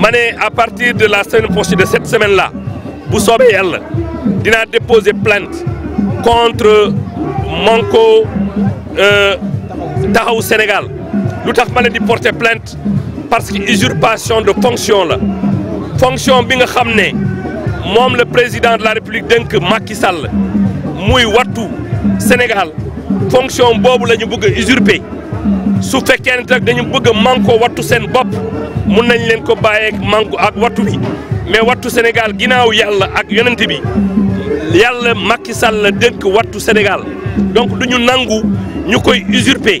Mané à partir de la semaine prochaine de cette semaine là il déposer plainte contre Manko euh, Tahaou Sénégal Nous avons porter plainte parce que usurpation de fonction la fonction bi nga le président de la république donc Macky Sall muy Sénégal fonction bobu la su fekkee ne nag dañu bëgg a mànkoo wattu seen bopp mun nañ leen ko bàyyeek mànku ak wattu bi mais wattu Sénégal ginnaaw yàlla ak yonent bi yàlla Macky Sall la dénk wattu Sénégal donc du ñu nangu ñu koy usurper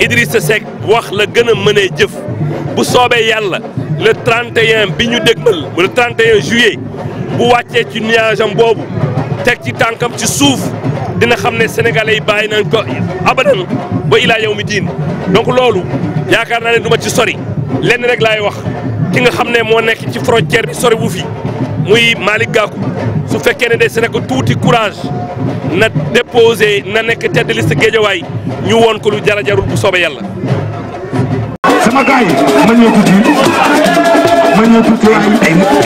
Idrissa Seck wax la gëna mëne jëf bu soobee Yalla le 31 biñu ñu le 31 juillet bu waccé ci nuage bobu boobu ci tankam ci souf dina xamné ne sénégalais yi nañ ko abadan ba ila yow mi donc lolu yaakar na ne du ci sori lén rek lay wax ki nga xamné mo nekk ci frontière bi sori wu fi muy Malik Gakou su fekkee ne des se ko tuuti courage na déposé na nekk tête de liste Géejawaay ñu woon ko lu jara jarul bu soobee yàlla.